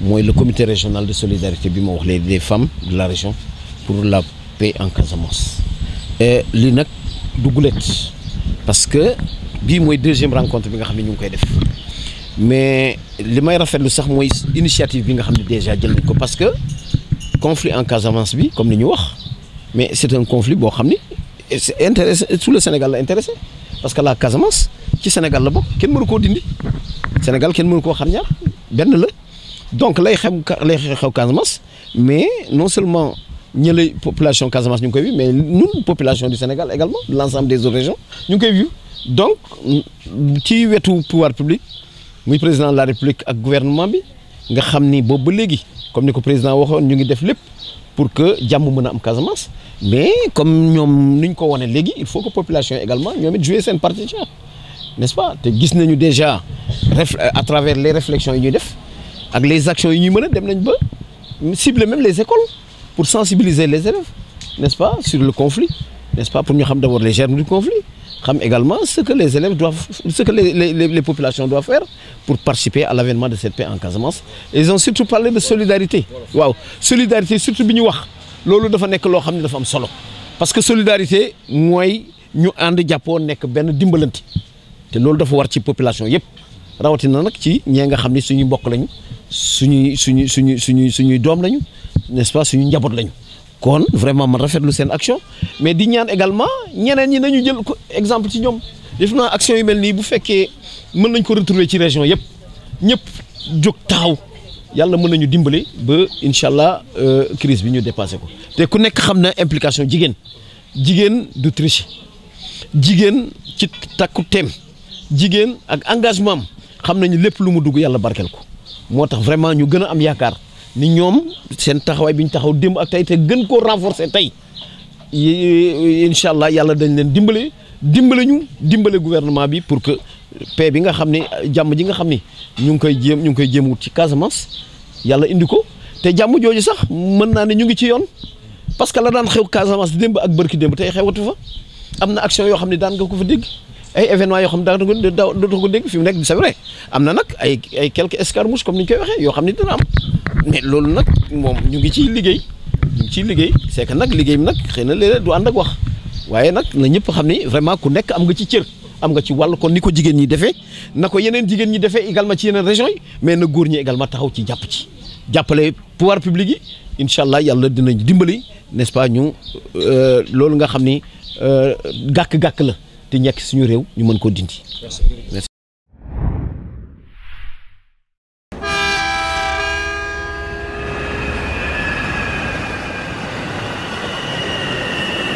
mooy le comité régional de solidarité bi ma wax léegi des femmes de la région pour la paix en Casamance li nag du gulet parce que bii mooy deuxième rencontre bi nga xam ne ñu ngi koy def mais li may rafetlu sax mooy initiative bi nga xam ne déjà jël nañ ko parce que conflit en Casamance bi comme ni ñu wax mais c'est un conflit boo xam ne c'est intéressé tout Sénégal la intéressé parce que la Casamance ci Sénégal la bokk kenn mënu koo dindi Sénégal kenn mënu koo xar ñaar benn la. donc lay xew lay xew Casamance mais non seulement ñi lay population Casamance ñu ngi koy mais ñun population du Sénégal également l' des autres régions ñu ngi koy vu donc ci wetu pouvoir public muy président la république ak gouvernement bi nga xam ni boobu ba léegi comme ni ko président waxoon ñu ngi def lépp pour que jàmm mën a am Casamance mais comme ñoom ni ñu ko wane léegi il faut que population également ñoom it jouer seen partie ci nest te gis nañu déjà à travers les réflexions yi ñuy def ak les actions yi ñuy mën a dem nañ ba cibler même les écoles pour sensibiliser les élèves n'est-ce pas sur le conflit n'est-ce pas pour ñu xam d'abord les germes du conflit xam également ce que les élèves doivent ce que les, les, les populations doivent faire pour participer à l'avènement de cette paix en ils ont surtout parlé de solidarité waaw solidarité surtout bi ñu wax loolu dafa nekk loo xam ne dafa am solo parce que solidarité mooy ñu ànd jàppoo nekk benn dimbalante te loolu dafa war ci population yépp rawatina nag ci ñee nga xam ni suñu mbokk lañ suñuy suñu suñu suñuy suñuy doom lañu n'est-ce pas suñu njaboot lañu kon vraiment man rafetlu seen action mais di ñaan également ñeneen ñi nañu jël ko exemple ci ñoom def naa action yu mel nii bu fekkee mën nañ ko retrouver ci région yëpp ñëpp jóg taxaw yàlla mën nañu dimbali ba incha allah euh, crise bi ñu dépassé ko te ku nekk xam na implication jigéen jigéen du jigéen ci takku teem jigéen ak engagement xam nañu lépp lu mu dugg yàlla barkeel ko moo tax vraiment ñu gën a am yaakaar ni ñoom seen taxawaay bi ñu taxaw démb ak tey te gën koo renforcer tey incha allah yàlla dañ leen dimbale dimbale ñu dimbale gouvernement bi pour que paix bi nga xam ne jàmm ji nga xam ni ñu ngi koy jéem ñu ngi koy jéem wut ci Casamance yàlla indi ko te jàmm jooju sax mën naa ne ñu ngi ci yoon parce que la daan xew Casamance démb ak bërki démb tey xewatu fa am na action yoo xam ne daan nga ko fa dégg. ay événements yoo xam daa dootoo ko dégg fi mu nekk c'est vrai am na nag ay ay quelques escarmouches comme ni ñu koy waxee yoo xam ni dina am mais loolu nag moom ñu ngi ciy liggéey ñu ngi ciy liggéey c'est que nag liggéey bi nag xëy na léeg-léeg du ànd ak wax waaye nag na ñëpp xam ni vraiment ku nekk am nga ci cër am nga ci wàll kon ni ko jigéen ñi defee na ko yeneen jigéen ñi defee également ci yeneen régions yi mais na góor ñi également taxaw ci jàpp ci jàppale pouvoir public yi incha allah yàlla dinañ dimbali n'est-ce pas ñu euh, loolu nga xam ni euh, gàkk-gàkk la te ñekk suñu réew ñu mën koo dindi